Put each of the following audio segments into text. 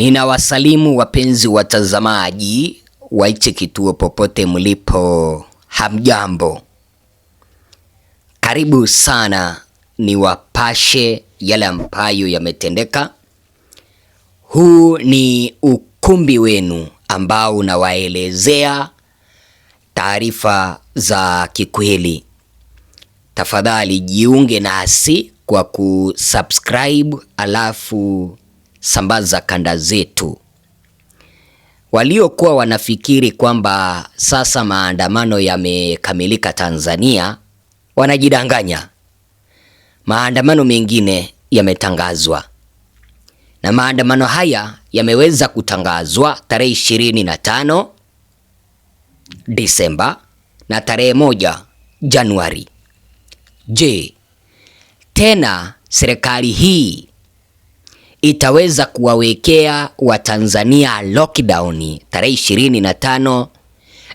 Ninawasalimu wapenzi watazamaji wa kituo popote mlipo, hamjambo? Karibu sana ni wapashe yale ambayo yametendeka. Huu ni ukumbi wenu ambao unawaelezea taarifa za kikweli. Tafadhali jiunge nasi kwa kusubscribe alafu sambaza kanda zetu. Waliokuwa wanafikiri kwamba sasa maandamano yamekamilika Tanzania wanajidanganya. Maandamano mengine yametangazwa na maandamano haya yameweza kutangazwa tarehe ishirini na tano Disemba na tarehe moja Januari. Je, tena serikali hii itaweza kuwawekea Watanzania lockdown tarehe 25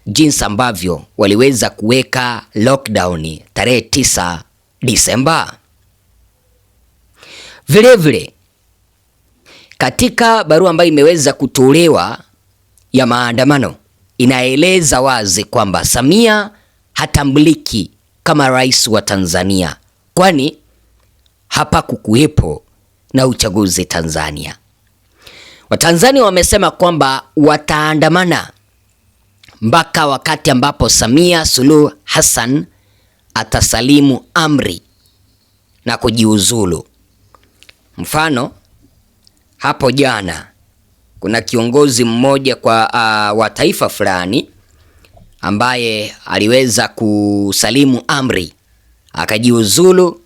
jinsi ambavyo waliweza kuweka lockdown tarehe 9 Disemba. Vilevile katika barua ambayo imeweza kutolewa ya maandamano inaeleza wazi kwamba Samia hatambuliki kama rais wa Tanzania, kwani hapa kukuwepo na uchaguzi Tanzania. Watanzania wamesema kwamba wataandamana mpaka wakati ambapo Samia Suluhu Hassan atasalimu amri na kujiuzulu. Mfano, hapo jana kuna kiongozi mmoja kwa uh, wa taifa fulani ambaye aliweza kusalimu amri akajiuzulu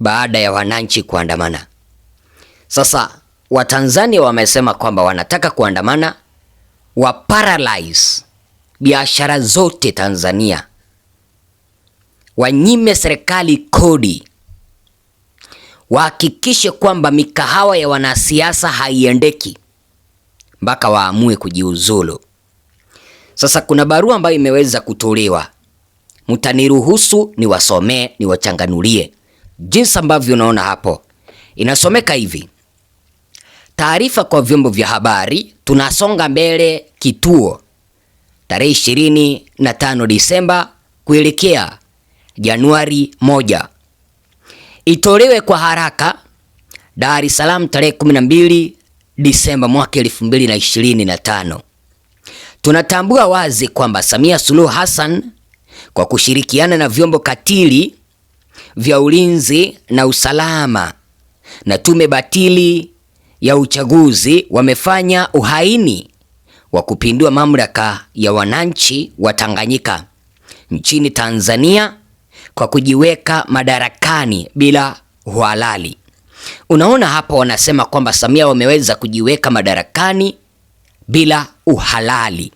baada ya wananchi kuandamana. Sasa Watanzania wamesema kwamba wanataka kuandamana wa paralyze biashara zote Tanzania, wanyime serikali kodi, wahakikishe kwamba mikahawa ya wanasiasa haiendeki mpaka waamue kujiuzulu. Sasa kuna barua ambayo imeweza kutolewa, mtaniruhusu niwasomee, niwachanganulie jinsi ambavyo unaona hapo inasomeka hivi: taarifa kwa vyombo vya habari, tunasonga mbele kituo, tarehe 25 Disemba kuelekea Januari 1, itolewe kwa haraka. Dar es Salaam tarehe 12 Disemba mwaka 2025. Tunatambua wazi kwamba Samia Suluhu Hassan kwa kushirikiana na vyombo katili vya ulinzi na usalama na tume batili ya uchaguzi wamefanya uhaini wa kupindua mamlaka ya wananchi wa Tanganyika nchini Tanzania kwa kujiweka madarakani bila uhalali. Unaona hapa wanasema kwamba Samia wameweza kujiweka madarakani bila uhalali.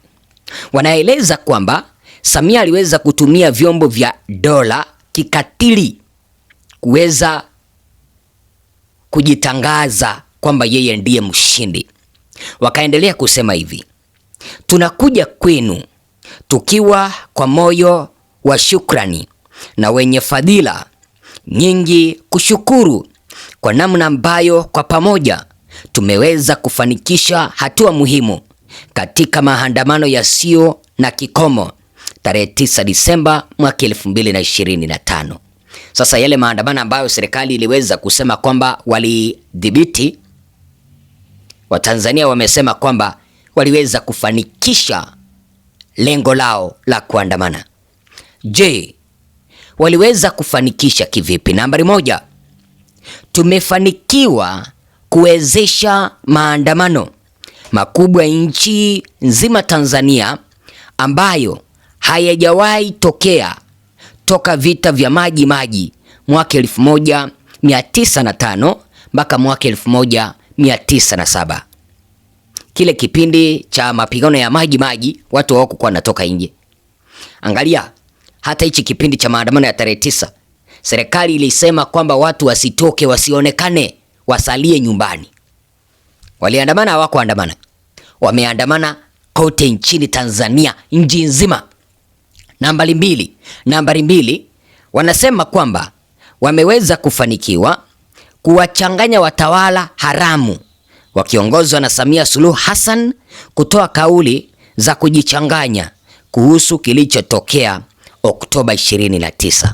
Wanaeleza kwamba Samia aliweza kutumia vyombo vya dola kikatili kuweza kujitangaza kwamba yeye ndiye mshindi. Wakaendelea kusema hivi, tunakuja kwenu tukiwa kwa moyo wa shukrani na wenye fadhila nyingi, kushukuru kwa namna ambayo kwa pamoja tumeweza kufanikisha hatua muhimu katika maandamano yasiyo na kikomo tarehe 9 Disemba mwaka 2025. Sasa yale maandamano ambayo serikali iliweza kusema kwamba walidhibiti, Watanzania wamesema kwamba waliweza kufanikisha lengo lao la kuandamana. Je, waliweza kufanikisha kivipi? Nambari moja, tumefanikiwa kuwezesha maandamano makubwa nchi nzima Tanzania ambayo hayajawahi tokea toka vita vya Maji Maji mwaka elfu moja mia tisa na tano mpaka mwaka elfu moja mia tisa na saba Kile kipindi cha mapigano ya Maji Maji watu hawakuwa wanatoka nje. Angalia hata hichi kipindi cha maandamano ya tarehe tisa, serikali ilisema kwamba watu wasitoke, wasionekane, wasalie nyumbani. Waliandamana hawakuandamana, wameandamana kote nchini Tanzania, nchi nzima. Nambari mbili, nambari mbili wanasema kwamba wameweza kufanikiwa kuwachanganya watawala haramu wakiongozwa na Samia Suluhu Hassan kutoa kauli za kujichanganya kuhusu kilichotokea Oktoba 29.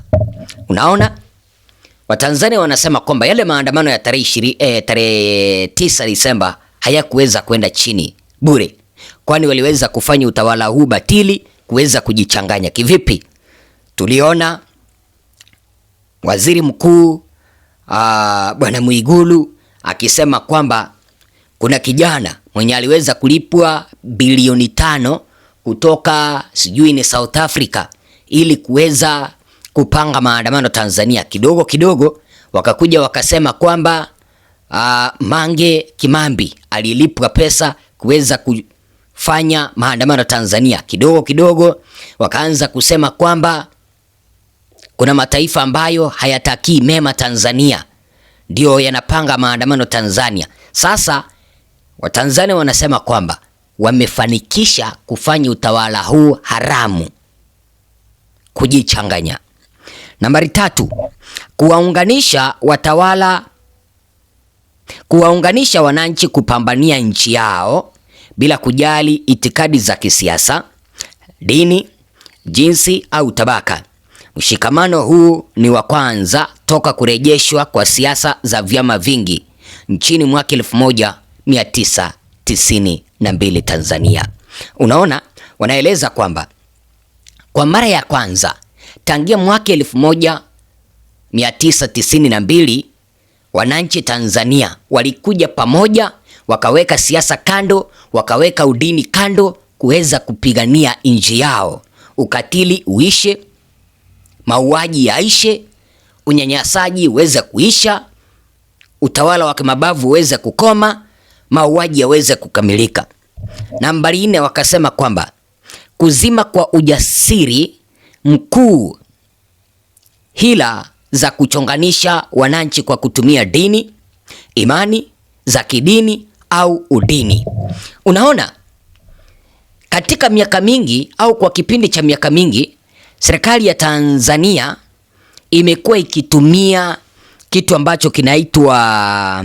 Unaona? Watanzania wanasema kwamba yale maandamano ya tarehe 20 eh, tarehe 9 Disemba hayakuweza kwenda chini bure, kwani waliweza kufanya utawala huu batili kuweza kujichanganya kivipi? Tuliona waziri mkuu ah, bwana Mwigulu akisema kwamba kuna kijana mwenye aliweza kulipwa bilioni tano kutoka sijui ni South Africa ili kuweza kupanga maandamano Tanzania. Kidogo kidogo wakakuja wakasema kwamba ah, Mange Kimambi alilipwa pesa kuweza kufanya maandamano Tanzania, kidogo kidogo wakaanza kusema kwamba kuna mataifa ambayo hayatakii mema Tanzania ndio yanapanga maandamano Tanzania. Sasa Watanzania wanasema kwamba wamefanikisha kufanya utawala huu haramu kujichanganya. Nambari tatu, kuwaunganisha watawala, kuwaunganisha wananchi kupambania nchi yao bila kujali itikadi za kisiasa, dini, jinsi au tabaka. Mshikamano huu ni wa kwanza toka kurejeshwa kwa siasa za vyama vingi nchini mwaka 1992 Tanzania. Unaona, wanaeleza kwamba kwa mara ya kwanza tangia mwaka 1992 wananchi Tanzania walikuja pamoja wakaweka siasa kando, wakaweka udini kando kuweza kupigania nchi yao. Ukatili uishe, mauaji yaishe, unyanyasaji uweze kuisha, utawala wa kimabavu uweze kukoma, mauaji yaweze kukamilika. Nambari nne, wakasema kwamba kuzima kwa ujasiri mkuu hila za kuchonganisha wananchi kwa kutumia dini, imani za kidini au udini. Unaona, katika miaka mingi au kwa kipindi cha miaka mingi, serikali ya Tanzania imekuwa ikitumia kitu ambacho kinaitwa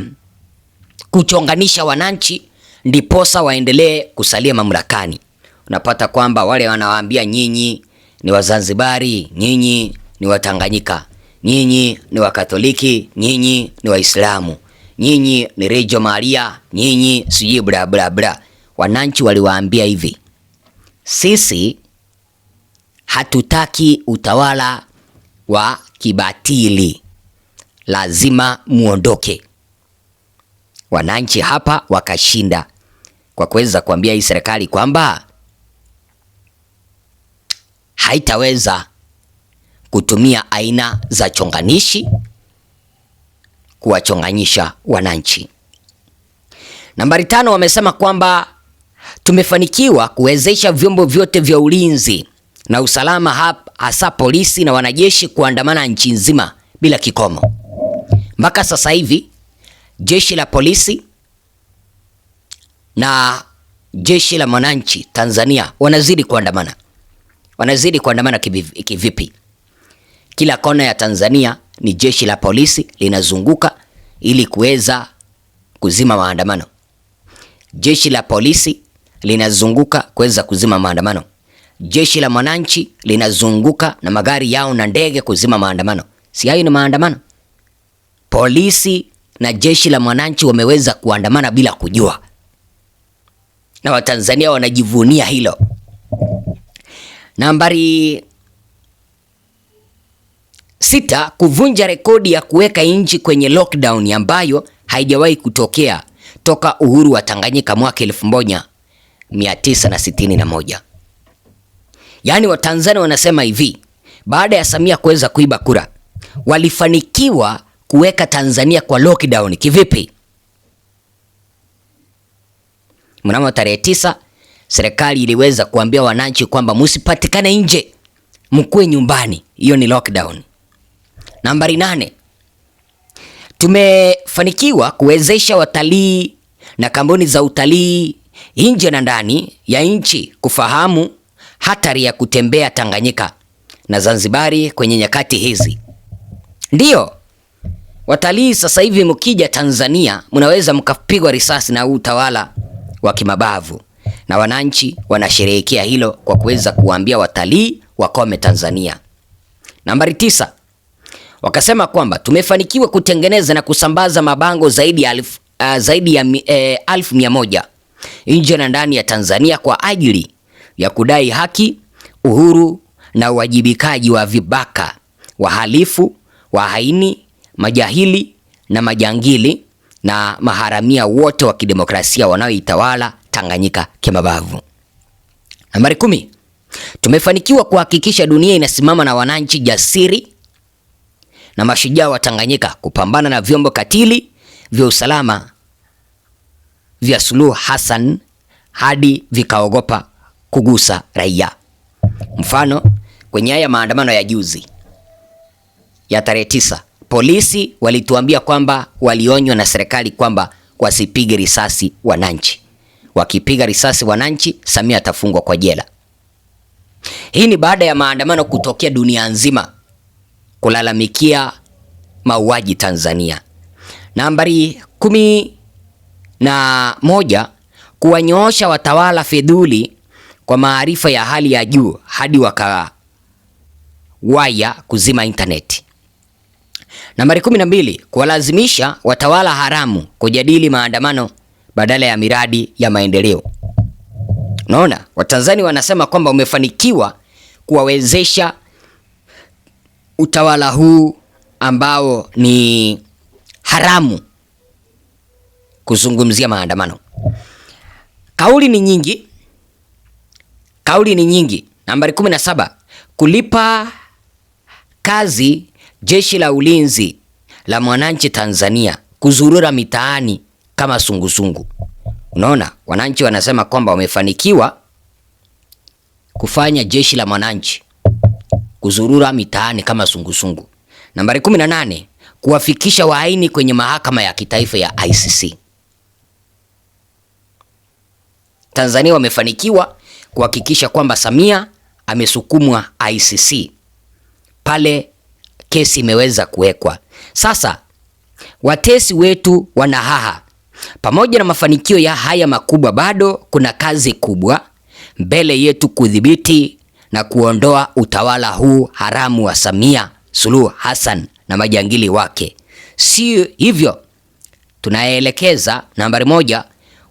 kuchonganisha wananchi, ndiposa waendelee kusalia mamlakani. Unapata kwamba wale wanawaambia nyinyi ni Wazanzibari, nyinyi ni Watanganyika, nyinyi ni Wakatoliki, nyinyi ni Waislamu nyinyi ni Rejo Maria, nyinyi sijui bla bla bla. Wananchi waliwaambia hivi, sisi hatutaki utawala wa kibatili, lazima muondoke. Wananchi hapa wakashinda kwa kuweza kuambia hii serikali kwamba haitaweza kutumia aina za chonganishi kuwachonganyisha wananchi. Nambari tano, wamesema kwamba tumefanikiwa kuwezesha vyombo vyote vya ulinzi na usalama hapa, hasa polisi na wanajeshi kuandamana nchi nzima bila kikomo. Mpaka sasa hivi jeshi la polisi na jeshi la mwananchi Tanzania wanazidi kuandamana, wanazidi kuandamana kivipi? Kila kona ya Tanzania ni jeshi la polisi linazunguka ili kuweza kuzima maandamano. Jeshi la polisi linazunguka kuweza kuzima maandamano. Jeshi la mwananchi linazunguka na magari yao na ndege kuzima maandamano. Si hayo ni maandamano? Polisi na jeshi la mwananchi wameweza kuandamana bila kujua, na Watanzania wanajivunia hilo. Nambari Sita, kuvunja rekodi ya kuweka nchi kwenye lockdown ambayo haijawahi kutokea toka uhuru wa Tanganyika mwaka 1961. Yaani Watanzania wanasema hivi, baada ya Samia kuweza kuiba kura, walifanikiwa kuweka Tanzania kwa lockdown kivipi? Mnamo tarehe tisa, serikali iliweza kuambia wananchi kwamba msipatikane nje, mkuwe nyumbani. Hiyo ni lockdown. Nambari nane, tumefanikiwa kuwezesha watalii na kampuni za utalii nje na ndani ya nchi kufahamu hatari ya kutembea Tanganyika na Zanzibari kwenye nyakati hizi. Ndiyo, watalii sasa hivi mkija Tanzania mnaweza mkapigwa risasi na utawala wa kimabavu, na wananchi wanasherehekea hilo kwa kuweza kuwaambia watalii wakome Tanzania. Nambari tisa wakasema kwamba tumefanikiwa kutengeneza na kusambaza mabango zaidi ya alfu, uh, zaidi ya eh, mia moja nje na ndani ya Tanzania kwa ajili ya kudai haki, uhuru na uwajibikaji wa vibaka, wahalifu, wahaini, majahili na majangili na maharamia wote wa kidemokrasia wanaoitawala Tanganyika kimabavu. Nambari kumi, tumefanikiwa kuhakikisha dunia inasimama na wananchi jasiri na mashujaa wa Tanganyika kupambana na vyombo katili vya usalama vya Suluhu Hassan hadi vikaogopa kugusa raia. Mfano, kwenye haya maandamano ya juzi ya tarehe tisa, polisi walituambia kwamba walionywa na serikali kwamba wasipige risasi wananchi. Wakipiga risasi wananchi, Samia atafungwa kwa jela. Hii ni baada ya maandamano kutokea dunia nzima kulalamikia mauaji Tanzania. Nambari kumi na moja, kuwanyoosha watawala fedhuli kwa maarifa ya hali ya juu hadi wakawaya kuzima intaneti. Nambari kumi na mbili, kuwalazimisha watawala haramu kujadili maandamano badala ya miradi ya maendeleo. naona Watanzania wanasema kwamba umefanikiwa kuwawezesha utawala huu ambao ni haramu kuzungumzia maandamano. Kauli ni nyingi, kauli ni nyingi. Nambari 17 kulipa kazi jeshi la ulinzi la mwananchi Tanzania kuzurura mitaani kama sungusungu. Unaona, wananchi wanasema kwamba wamefanikiwa kufanya jeshi la mwananchi kuzurura mitaani kama sungusungu Nambari 18 kuwafikisha waaini kwenye mahakama ya kitaifa ya ICC. Tanzania wamefanikiwa kuhakikisha kwamba Samia amesukumwa ICC pale kesi imeweza kuwekwa. Sasa watesi wetu wanahaha, pamoja na mafanikio ya haya makubwa, bado kuna kazi kubwa mbele yetu kudhibiti na kuondoa utawala huu haramu wa Samia Suluhu Hassan na majangili wake. Si hivyo, tunaelekeza nambari moja,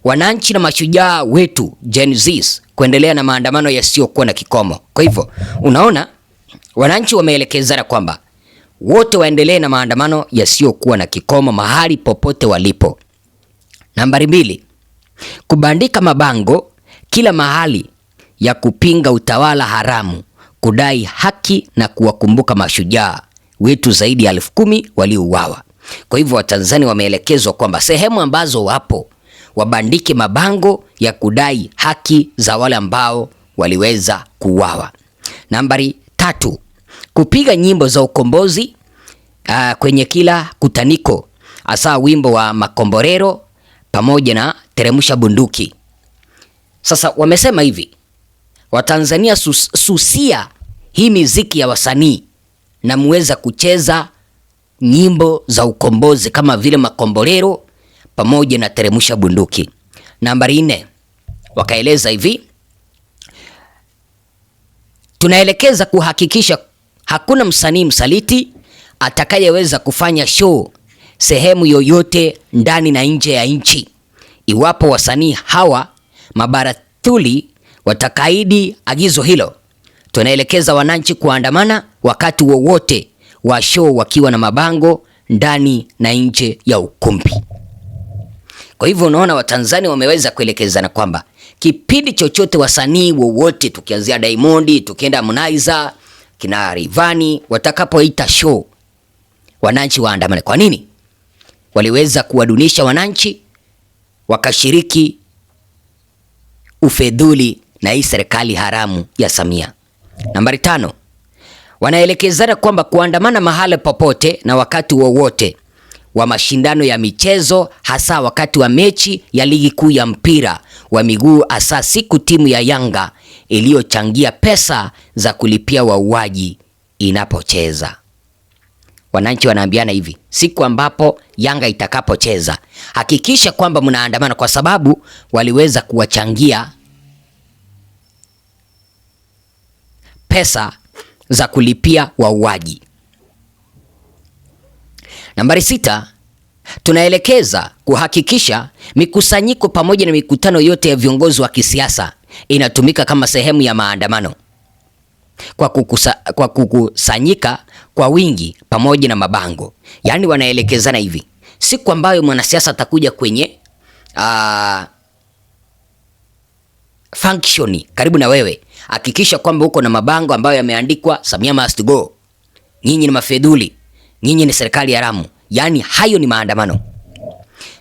wananchi na mashujaa wetu Gen Z kuendelea na maandamano yasiyokuwa na kikomo. Kwa hivyo unaona, wananchi wameelekezana kwamba wote waendelee na maandamano yasiyokuwa na kikomo mahali popote walipo. Nambari mbili, kubandika mabango kila mahali ya kupinga utawala haramu, kudai haki na kuwakumbuka mashujaa wetu zaidi ya elfu kumi waliouawa. Kwa hivyo Watanzania wameelekezwa kwamba sehemu ambazo wapo wabandike mabango ya kudai haki za wale ambao waliweza kuuawa. Nambari tatu, kupiga nyimbo za ukombozi uh, kwenye kila kutaniko, hasa wimbo wa Makomborero pamoja na Teremsha Bunduki. Sasa wamesema hivi Watanzania sus, susia hii miziki ya wasanii na muweza kucheza nyimbo za ukombozi kama vile makombolero pamoja na teremusha bunduki. Nambari nne, wakaeleza hivi, tunaelekeza kuhakikisha hakuna msanii msaliti atakayeweza kufanya show sehemu yoyote ndani na nje ya nchi, iwapo wasanii hawa mabaratuli watakaidi agizo hilo, tunaelekeza wananchi kuandamana wakati wowote wa show wakiwa na mabango ndani na nje ya ukumbi. Kwa hivyo unaona Watanzania wameweza kuelekezana kwamba kipindi chochote wasanii wowote tukianzia Diamond tukienda Harmonize kina Rivani watakapoita show wananchi waandamane. Kwa nini? Waliweza kuwadunisha wananchi wakashiriki ufedhuli na hii serikali haramu ya Samia. Nambari tano, wanaelekezana kwamba kuandamana mahala popote na wakati wowote wa, wa mashindano ya michezo hasa wakati wa mechi ya ligi kuu ya mpira wa miguu hasa siku timu ya Yanga iliyochangia pesa za kulipia wauaji inapocheza. Wananchi wanaambiana hivi, siku ambapo Yanga itakapocheza hakikisha kwamba mnaandamana, kwa sababu waliweza kuwachangia pesa za kulipia wauaji. Nambari sita, tunaelekeza kuhakikisha mikusanyiko pamoja na mikutano yote ya viongozi wa kisiasa inatumika kama sehemu ya maandamano kwa, kukusa, kwa kukusanyika kwa wingi pamoja na mabango. Yaani wanaelekezana hivi, siku ambayo mwanasiasa atakuja kwenye aa, function karibu na wewe. Hakikisha kwamba uko na mabango ambayo yameandikwa Samia must go, nyinyi ni mafedhuli, nyinyi ni serikali ya ramu Yaani hayo ni maandamano.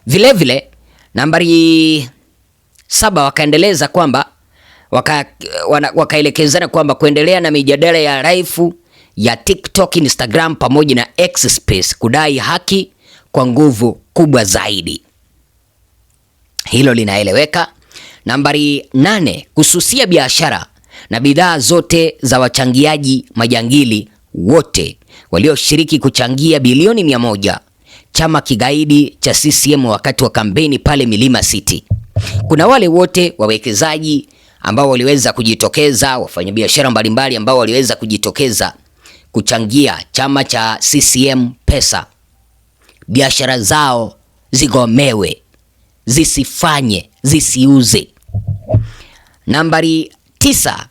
Vilevile vile, nambari saba wakaendeleza kwamba waka, wakaelekezana kwamba kuendelea na mijadala ya raifu ya TikTok, Instagram pamoja na X Space kudai haki kwa nguvu kubwa zaidi. Hilo linaeleweka. Nambari nane, kususia biashara na bidhaa zote za wachangiaji majangili wote walioshiriki kuchangia bilioni mia moja chama kigaidi cha CCM wakati wa kampeni pale Milima City. Kuna wale wote wawekezaji ambao waliweza kujitokeza, wafanyabiashara mbalimbali ambao waliweza kujitokeza kuchangia chama cha CCM pesa, biashara zao zigomewe, zisifanye, zisiuze. Nambari tisa,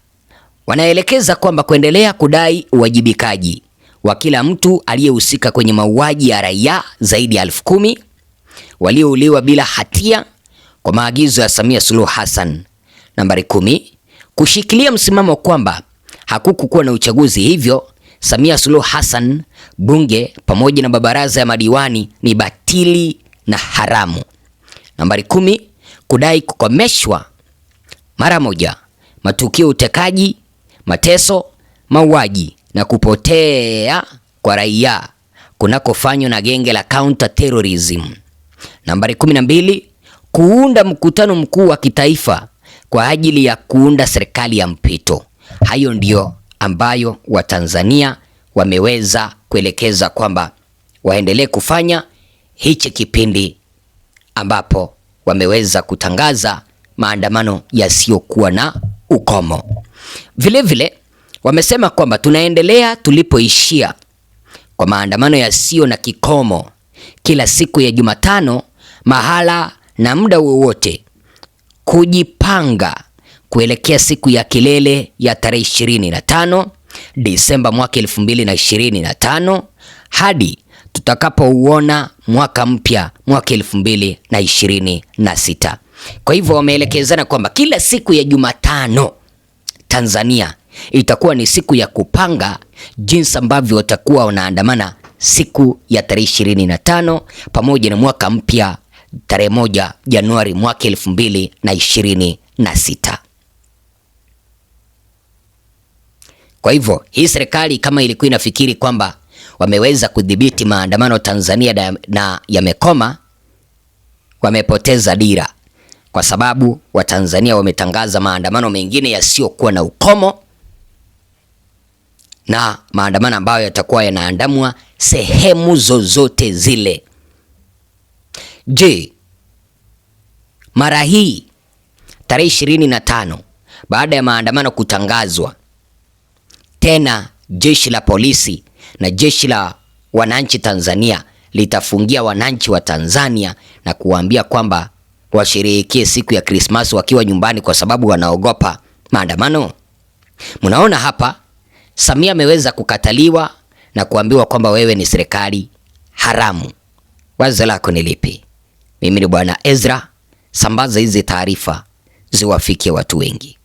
wanaelekeza kwamba kuendelea kudai uwajibikaji wa kila mtu aliyehusika kwenye mauaji ya raia zaidi ya elfu kumi waliouliwa bila hatia kwa maagizo ya Samia Suluhu Hassan. Nambari kumi, kushikilia msimamo kwamba hakukuwa na uchaguzi, hivyo Samia Suluhu Hassan, bunge pamoja na mabaraza ya madiwani ni batili na haramu. Nambari kumi, kudai kukomeshwa mara moja matukio utekaji, mateso, mauaji na kupotea kwa raia kunakofanywa na genge la counter terrorism. Nambari 12 kuunda mkutano mkuu wa kitaifa kwa ajili ya kuunda serikali ya mpito. Hayo ndiyo ambayo Watanzania wameweza kuelekeza kwamba waendelee kufanya hichi kipindi ambapo wameweza kutangaza maandamano yasiyokuwa na ukomo. Vilevile vile, wamesema kwamba tunaendelea tulipoishia kwa maandamano yasiyo na kikomo kila siku ya Jumatano, mahala na muda wowote, kujipanga kuelekea siku ya kilele ya tarehe 25 Disemba mwaka 2025 hadi tutakapouona mwaka mpya mwaka 2026. Kwa hivyo wameelekezana kwamba kila siku ya Jumatano Tanzania itakuwa ni siku ya kupanga jinsi ambavyo watakuwa wanaandamana siku ya tarehe ishirini na tano pamoja na mwaka mpya tarehe moja Januari mwaka elfu mbili na ishirini na sita. Kwa hivyo hii serikali kama ilikuwa inafikiri kwamba wameweza kudhibiti maandamano Tanzania na yamekoma, wamepoteza dira kwa sababu Watanzania wametangaza maandamano mengine yasiyokuwa na ukomo na maandamano ambayo yatakuwa yanaandamwa sehemu zozote zile. Je, mara hii tarehe ishirini na tano baada ya maandamano kutangazwa tena, jeshi la polisi na jeshi la wananchi Tanzania litafungia wananchi wa Tanzania na kuwaambia kwamba washerehekee siku ya Christmas wakiwa nyumbani kwa sababu wanaogopa maandamano. Mnaona hapa Samia ameweza kukataliwa na kuambiwa kwamba wewe ni serikali haramu. Wazo lako ni lipi? Mimi ni Bwana Ezra, sambaza hizi taarifa ziwafikie watu wengi.